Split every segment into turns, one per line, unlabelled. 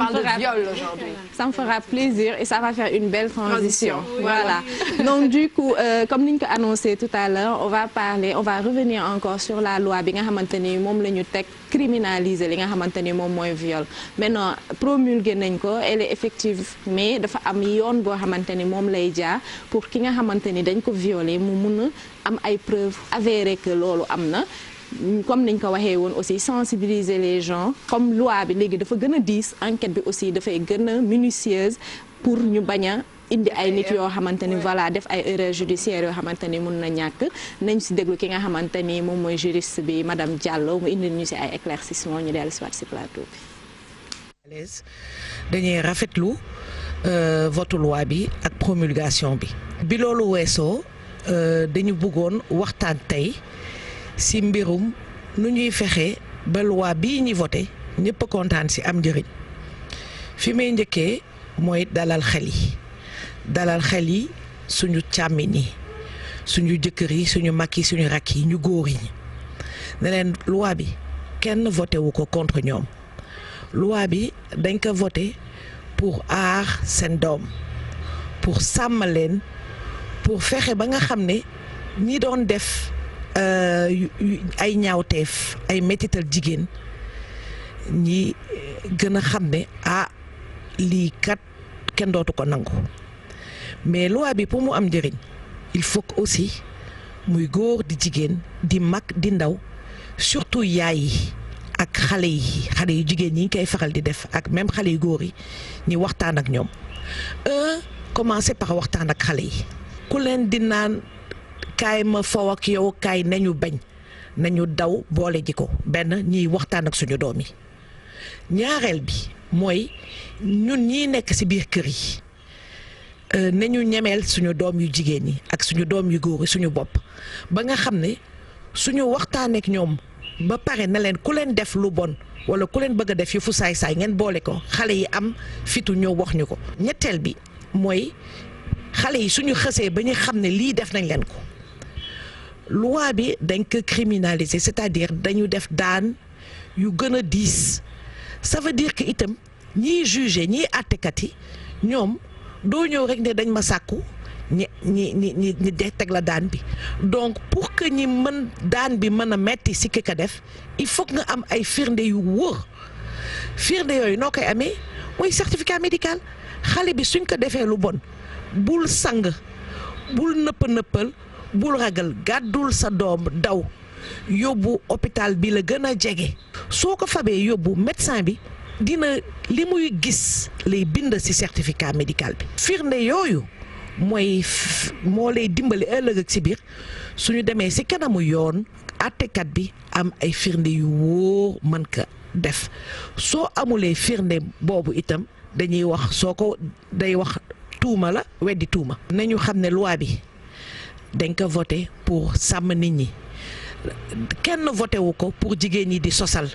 ça on parle fera... aujourd'hui.
Ça me fera plaisir et ça va faire une belle transition. transition voilà. voilà. Donc du coup, euh, comme niñ ko annoncé tout à l'heure, on va parler, revenir encore sur la loi bi nga xamante ni moom la ñu teg criminaliser li nga xamante ni moom mooy viol. Maintenant promulgué nañ ko, elle est mais dafa am yoon boo xamante ni moom lay jaar pour ki nga xamante ni dañ ko violer mu mun a am ay preuves avérées que loolu am na. comme niñ ko waxee woon aussi sensibiliser les gens comme loi bi léegi dafa gën diis enquête bi aussi dafay gën a minutieuse pour ñu bañ a indi ay nit yoo xamante ni voilà def ay erreurs judiciaires yoo xamante ni mun na ñàkk nañ si déglu ki nga xamante ni moom mooy juriste bi madame Diallo mu indi ñu si ay éclaircissement ñu dellu si waat si plateau
bi. dañuy rafetlu euh, votu loi bi ak promulgation bi. bi loolu weesoo euh, dañu bëggoon waxtaan tey. si mbirum nu ñuy fexe ba loi bii ñi voté ñëpp a kontaan si am njëriñ fi may njëkkee mooy dalal xel yi dalal xel yi suñu càmmiñ yi suñu jëkkër yi suñu mag yi suñu rakk yi ñu góor yi ne leen loi bi kenn voté wu ko contre ñoom loi bi dañ ko vote pour aar seen doom pour sàmm leen pour fexe ba nga xam ne ñi doon def Euh, ay ñaawteef ay mettital jigéen ñi gën a xam ne ah lii kat kenn dootu ko nangu mais loi bi pour mu am njëriñ il faut que aussi muy góor di jigéen di mag di ndaw surtout yaay yi ak xale yi xale yu jigéen ñi koy faral di def ak même xale yu góor yi ñi waxtaan ak ñoom un commencer par waxtaan ak xale yi ku leen di naan kaay ma faw ak yow kaay nañu bañ nañu daw boole ji ko benn ñiy waxtaan ak suñu doom yi ñaareel bi mooy ñun ñi nekk ci biir kër yi euh, nañu ñemeel suñu doom yu jigéen ñi ak suñu doom yu góor yi suñu bopp ba nga xam ne suñu waxtaaneek ñoom ba pare na leen ku leen def lu bon wala ku leen bëgg a def yu fu saay-saay ngeen boole ko xale yi am fitu ñëw wax ñu ko ñetteel bi mooy xale yi suñu xësee ba ñu xam ne lii def nañ leen ko loi bi dañ ko criminaliser c'est-à-dire dañu def daan yu gën a diis ça veut dire itam ñiy jugé ñiy àttekat yi ñoom doo ñëw rek ne dañ ma sàkku ñi ñi ñi ñi teg la daan bi donc pour que ñi mën daan bi mën a metti si ki def il faut que nga am ay firnde yu wóor firnde yooyu noo koy amee mooy certificat médical xale bi suñ ko defee lu bon bul sang bul nëpp nëppal bul ragal gàddul sa doom daw yóbbu hôpital bi la gën a jege soo ko fabee yóbbu médecin bi dina li muy gis lay bind ci certificat médical bi firnde yooyu mooy moo lay dimbali ëllëg ak ci biir ñu demee ci kanamu yoon àttekat bi am ay firnde yu wóor mën ko def soo amulee firnde boobu itam dañuy wax soo ko day wax tuuma la weddi tuuma nañu xam ne loi bi dañ ko voté pour sàmm nit ñi kenn voté wu ko pour jigéen ñi di sosal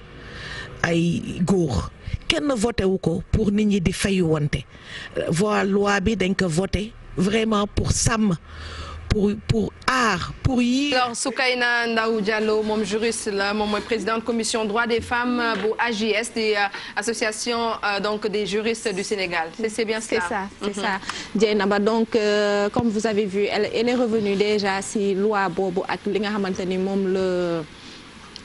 ay góor kenn voté wu ko pour nit ñi di fayu wante voie loi bi dañ ko voté vraiment pour sàmm pour pour
aar pour yi. alors Soukaina Ndaw Diallo moom juriste la moom mooy présidente commission droit des femmes bu AJS di euh, association euh, donc des juristes du Sénégal c'est bien ça. c'est ça mhm. c'est ça
Dieynaba donc euh, comme vous avez vu elle est revenue déjà si loi boobu ak li nga xamante ni moom la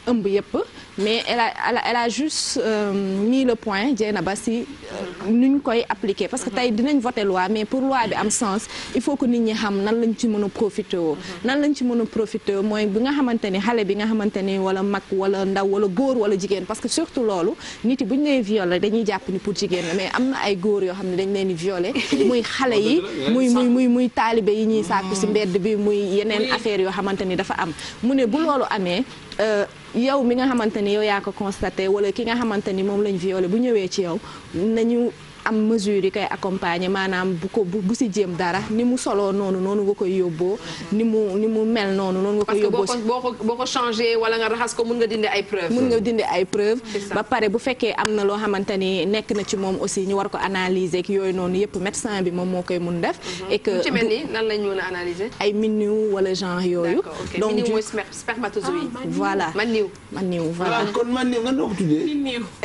ëmb yëpp. mais elle a elle a juste euh, mis le point Dieynaba si euh, nuñ koy appliquer parce que tey dinañ voter loi mais pour loi bi am sens il faut que nit ñi xam nan lañ ci mën a profité woo nan lañu ci mën a profité woo mooy bi nga xamante ni xale bi nga xamante ni wala mag wala ndaw wala góor wala jigéen parce que surtout loolu nit yi bu ñu lay violer dañuy jàpp ni pour jigéen mais am na ay góor yoo xam ne dañ leen di violer muy xale yi muy muy muy muy taalibe yi ñuy sàkku si mbedd bi muy yeneen affaire yoo xamante ni dafa am mu ne bu loolu amee euh, yow mi nga xamante ni yow yaa ko constaté wala ki nga xamante ni moom lañ violé bu ñëwee ci yow nañu am mesure yi koy accompagner maanaam bu ko bu si jéem dara ni mu soloo noonu noonu nga koy yóbboo ni mu ni mu mel noonu noonu nga koy yóbboo parce boo ko boo ko changé wala nga raxas ko mun nga dindi ay preuve mun nga dindi ay preuve ba pare bu fekkee am na loo xamante ni nekk na ci moom aussi ñu war ko analyser yooyu noonu yëpp médecin bi moom moo koy mun def mm-hmm. et que ci mel ni nan lañ mën a analyser ay miniw wala genre yooyu donc miniw mooy spermatozoïde ah, voilà maniw maniw voilà ah,
kon maniw nga noo ko tuddee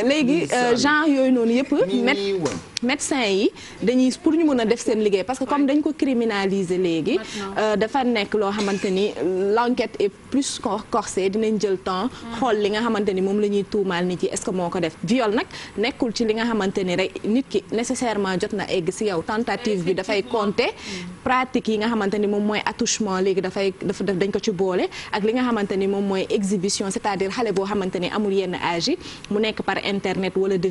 léegi euh,
genre yooyu noonu yëpp médecin yi dañuy pour ñu mën a def seen liggéey parce que comme dañ ko criminaliser léegi euh, dafa nekk loo xamante ni et est plus corsée dinañ jël temps hmm. xool li nga xamante ni moom la ñuy tuumaal nit yi est-ce que moo ko def viol nag nekkul ci li nga xamante ni rek nit ki nécessairement jot na egg si yow tentative bi dafay compter hmm. pratique yi nga xamante ni moom mooy attouchement léegi dafay dafa def dañ ko ci boole ak li nga xamante ni moom mooy exhibition c'est-à-dire xale boo xamante ni amul yenn âge yi mu nekk par internet wala de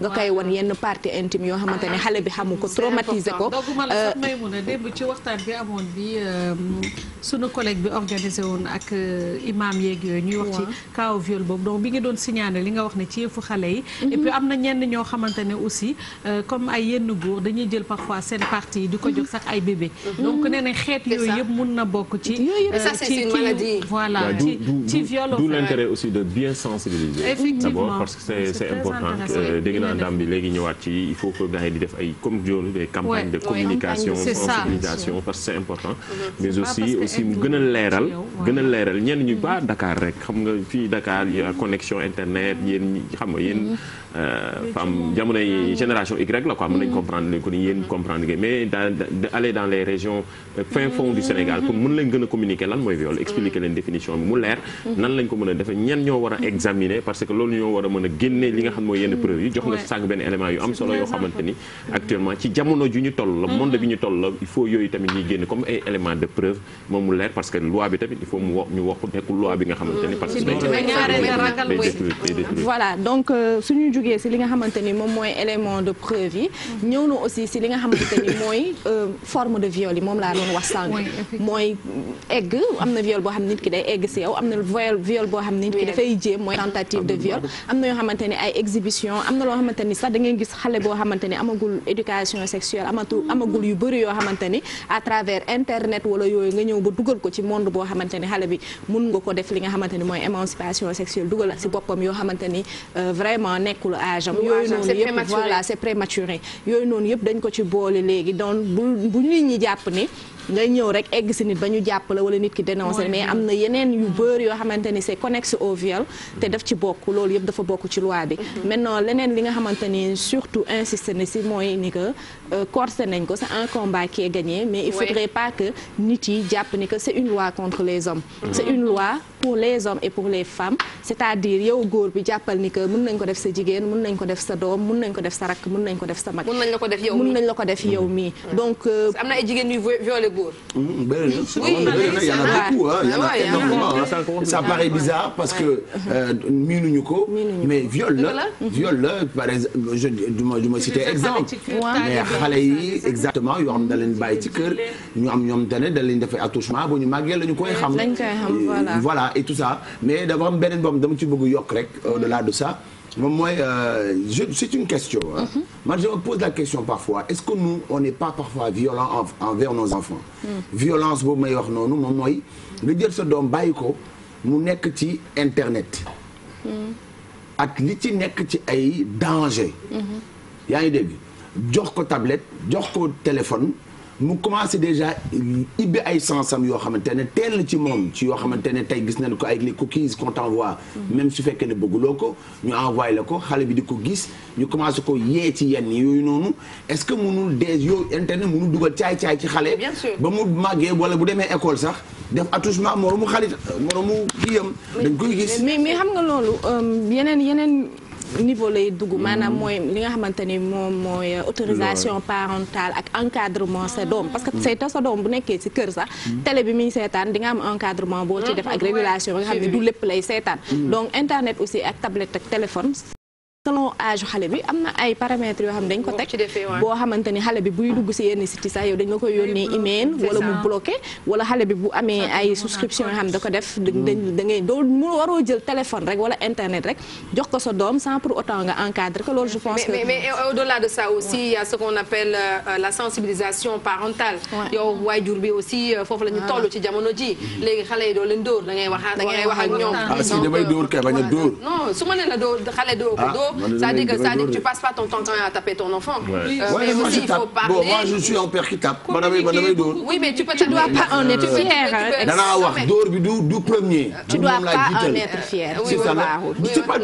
nga koy wan yenn partie intime problème yoo xamante ne xale bi xamu ko traumatisé ko dogguma la sax euh,
may mun a démb ci waxtaan bi amoon bi euh, sunu collègue bi organisé woon ak euh, imam yeeg yooyu ñuy wax ci kaw viol boobu donc bi ngi doon signaler li nga wax ne ci yëfu xale yi mhm. et am na ñenn ñoo xamante ne aussi comme ay yenn góor dañuy jël parfois seen parti di ko mhm. jox sax ay bébé mhm. donc nee na xeet yooyu yëpp mun na bokk ci ci voilà ci ci viol d'où l'intérêt
aussi de bien sensibiliser d'abord parce que c'est ci il faut ko gars yi di def ay comme joolu des campagnes de communication sensibilisation parce que c'est important mais aussi aussi mu gën a leeral gën a leeral ñenn ñu baax Dakar rek xam nga fii Dakar connexion internet yéen xam nga yéen mm-hmm. Euh, femme jamonoy euh, génération Y la quoi mën nañ comprendre lañ ko ni yéen comprendre ngeen euh, mu leer mhm. nan lañ ko mën a defee ñan ñoo war a examiner parce que loolu ñoo war a mën a génnee li nga xam mooy yenn preuve yi jox nga sànq benn élément yu am solo yoo xamante actuellement ci jamono ju ñu toll la mhm. monde bi ñu toll la il faut yooyu tamit ñuy génn comme élément de preuve moom mu leer parce que loi bi tamit il faut mu wax ñu wax nekkul loi bi nga
jugee si li nga xamante ni moom mooy élément de preuve yi ñëw na aussi si li nga xamante mooy euh, forme de viol yi moom laa doon wax sànq mooy egg am na viol boo xam nit ki day egg si yow am na viol boo xam nit ki dafay jéem mooy tentative de viol am yoo xamante ni ay exhibition am na loo xamante ni sax da ngay gis xale boo xamante ni amagul éducation sexuelle amatu amagul yu bëri yoo xamante ni à travers internet wala yooyu nga ñëw ba dugal ko ci monde boo xamante ni xale bi mun nga ko def li nga xamante ni mooy émancipation sexuelle dugal si yoo xamante ni euh, wàllu âge am yooyu noonu yëpp voilà c'est prématuré yooyu noonu yëpp dañ ko ci boole léegi donc bu nit ñi jàpp ni ngay ñëw rek egg si nit ba ñu jàpp la wala nit ki dénoncé mais am na yeneen yu bëri yoo c'est connexe au viol te daf ci bokk loolu yëpp dafa bokk ci loi bi mhm. maintenant leneen li nga xamante surtout insister na si mooy ni Euh, corsé nañ ko c'est un combat qui est mais il faudrait pas que nit yi jàpp ni que c'est une loi contre les hommes mm-hmm. c'est une loi pour les hommes et pour les femmes c'est-à-dire yow góor bi jàppal ni que mën nañ ko def sa jigéen mun nañ ko def sa doom mun nañ ko def sa rakk mun nañ ko def sa mag mën nañ la ko def yow mii nañ la ko def yow mii mm-hmm. donc euh, am na ay jigéen yu violé góor
mm-hmm. bëri na y a beaucoup hein y en a énormément ah ça paraît bizarre parce que euh, miinuñu ko mais viol la viol la par exemple je du ma citer exemple xale yi exactement yoo xam ne da leen bàyyi ci kër ñu ñoom te ne da leen defee attouchement bu ñu màggee la ñu koy xam voilà et tout ça mais dafa beneen boobu dama ci bëgg yokk rek euh, au delà de ça moom mooy euh, je c'est une question hein. Mm -hmm. man je pose la question parfois est-ce que nous on pas parfois violent envers nos enfants mm. violence boobu may wax noonu moom mooy nga jël sa doom bàyyi ko mu nekk ci internet mm. ak li ci nekk ci ay danger mm-hmm. yaa ngi dégg jox ko tablette jox ko téléphone mu commencé déjà ibbi ay sansam yoo xamante ne teel na ci moom ci yoo xamante ne tey gis nañ ko ay les cookies qu'on t'envoie mm-hmm. même su fekkee ne bëgguloo ko ñu envoyé la ko xale bi di ko gis ñu commencé ko yee ci yenn yooyu noonu est-ce que mënul des yooyu mu mënul dugal caay-caay ci xale ba mu maggee wala bu demee école sax def attouchement moromu xarit moromu kiyam dañ koy
gis mais mais xam nga loolu euh, yeneen niveau lay dugg maanaam mooy li nga xamante ni moom mooy euh, autorisation parentale ak encadrement sa doom parce que say ta sa doom bu nekkee si kër sax mm. télé bi muy seetaan di nga am encadrement boo ci ah, def ak régulation bi nga xam ne du lépp lay seetaan mm. donc internet aussi ak tablette ak téléphone âge xale bi am na ay paramètres yoo xam dañ ko teg boo xamante xale bi buy dugg si yenn site sax yow dañ la koy yónnee email wala mu bloqué wala xale bi bu amee ay souscription yoo xam da def dañ mm. da ngay doo mu waroo jël téléphone rek wala internet rek jox ko sa doom sans pour autant nga encadrer que loolu je pense que mais
au-delà de ça aussi il y a ce qu'on appelle euh, euh, la bi aussi euh, foofu la ah. toll ci jamono ji léegi xale yi doo leen dóor da ngay wax da ngay wax ak ñoom ah a dóor non su ko ah, dóor C'est-à-dire que ça, tu passes pas ton temps à taper ton enfant. Ouais. Euh, je
suis en père qui tape. Madame, madame,
tu peux, pas en être euh, fier. Nana, avoir
d'or, du premier. Tu dois pas en être fier. C'est pas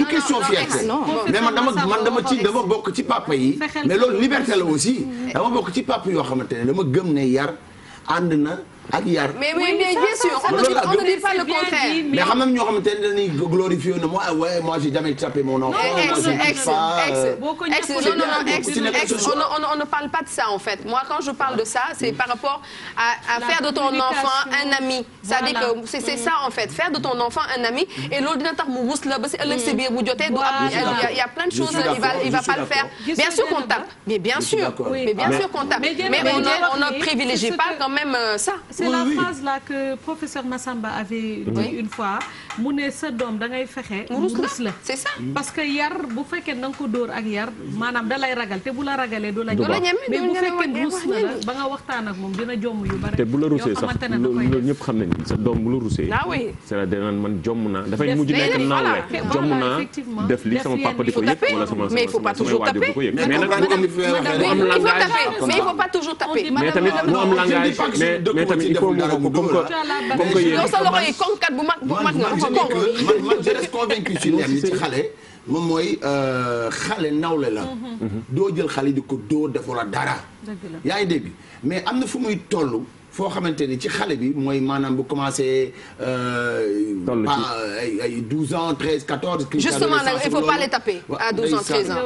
ci dama bokk ci papa yi. mais loolu liberté la aussi. Mm. dama bokk ci papa yoo xamante ne dama gëm ne yar ànd na. ak yar. mais
mais bien sûr on ne dit on ne dit pas le contraire. mais xam nañ ñoo on ne parle pas de ça en fait quand je parle de ton enfant un ami. c'est-à-dire mm. faire de ton enfant un ami et loolu dina tax mu wus la ba si ëllëg si mm. biir il y a plein de choses il va pas le faire. bien sûr qu'on mais bien sûr mais mais on ne privilégie pas quand même
euh, ça. c'est oui, la oui. phrase là que professeur Massamba avait dit oui. une fois mu ne sa doom da ngay fexe mu rus la c'est parce que yar bu fekkee na nga ko dóor ak yar maanaam da lay ragal te bu la ragalee du la ñeme mais bu fekkee eh, rus na la ba nga waxtaan ak moom dina jomm yu bari te bu la rusee sax loolu
ñëpp xam nañ sa doom bu la rusee ah c'est-à-dire danaan man jomm naa dafay mujj nekk naawle jomm naa def li sama papa di ko yëg wala sama mais il faut pas toujours taper mais nag mu am langage mais il faut
tamit mu am langage
mais tamit tamit il faut mu ko
comme que yow sa loxo yi konkat bu mag bu mag nga
man je
reste
convaincu si leen ci xale moom mooy euh, xale nawle la mhm. doo jël xale di ko doo defula dara yaa dégg mais am na fu muy toll foo xamante ni ci xale bi mooy maanaam bu commencé. Euh, toll euh, ay ay douze ans treize quatorze. justement il faut pas les taper à douze ans treize ans.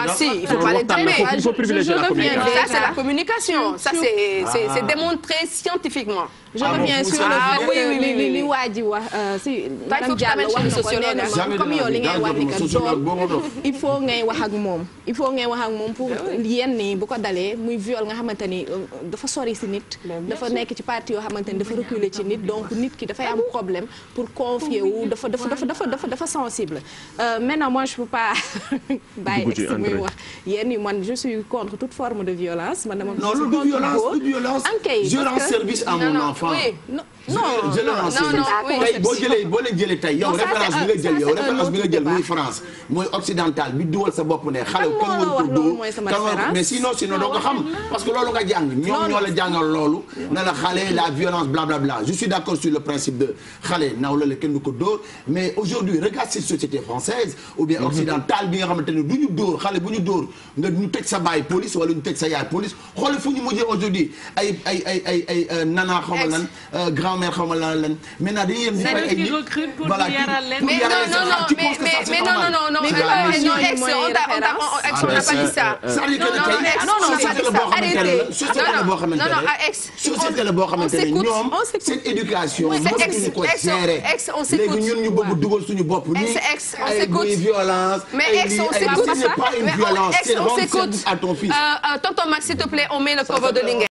ah si il faut ah, pas les taper.
il faut privilégier la communication ça c'est la
communication ça c'est c'est ah. démontré scientifiquement.
je ah, reviens sur ah, le fait li li waa ji wax euh, si. madame Diallo wax na ko nee na comme yow li ngay wax ni que il faut ngay wax ak moom il faut ngay wax ak moom pour eh yenn yi bu ko dalee muy viol nga xamante ni euh, dafa sori si nit. dafa nekk ci parti yoo xamante ni dafa reculer ci nit donc nit ki dafay ah am problème pour confier wu dafa dafa dafa dafa dafa sensible. Euh, maintenant moi je peux pas bàyyi ex muy wax yéen ñi man je suis contre toute forme de violence man dama. non du violence du enfant. oui boo jëlee
boo leen jëlee tey yow référence bi nga jël muy France mooy occidental bi duwal sa bopp ne xale kan war ko jàng loolu na la xale la violence blablabla je suis d'accord sur le principe de xale naaw la la kenn du ko dóor mais aujourd'hui regarde cette société française ou bien mm-hmm. occidentale bi nga xamante ne du ñu dóor xale bu ñu dóor nga ñu teg sa baay police wala ñu teg sa yaay police xool fu ñu mujjee aujourd'hui ay ay ay ay euh, nana xamal nan euh, grand-mère xaw ma lan lan maintenant dañuy yem.
voilà ah,
mais non non non non société la boo xamante ne
ñoom seen éducation. mënuñu ko gérer léegi ñun ñu bëgg dugal suñu bopp. nii ay muy violence. ay lii ay ce n'est pas une violence. c'est rendre service à ton fils.
Euh, euh, tonton Max s'il te plaît on met le cover de Linguère.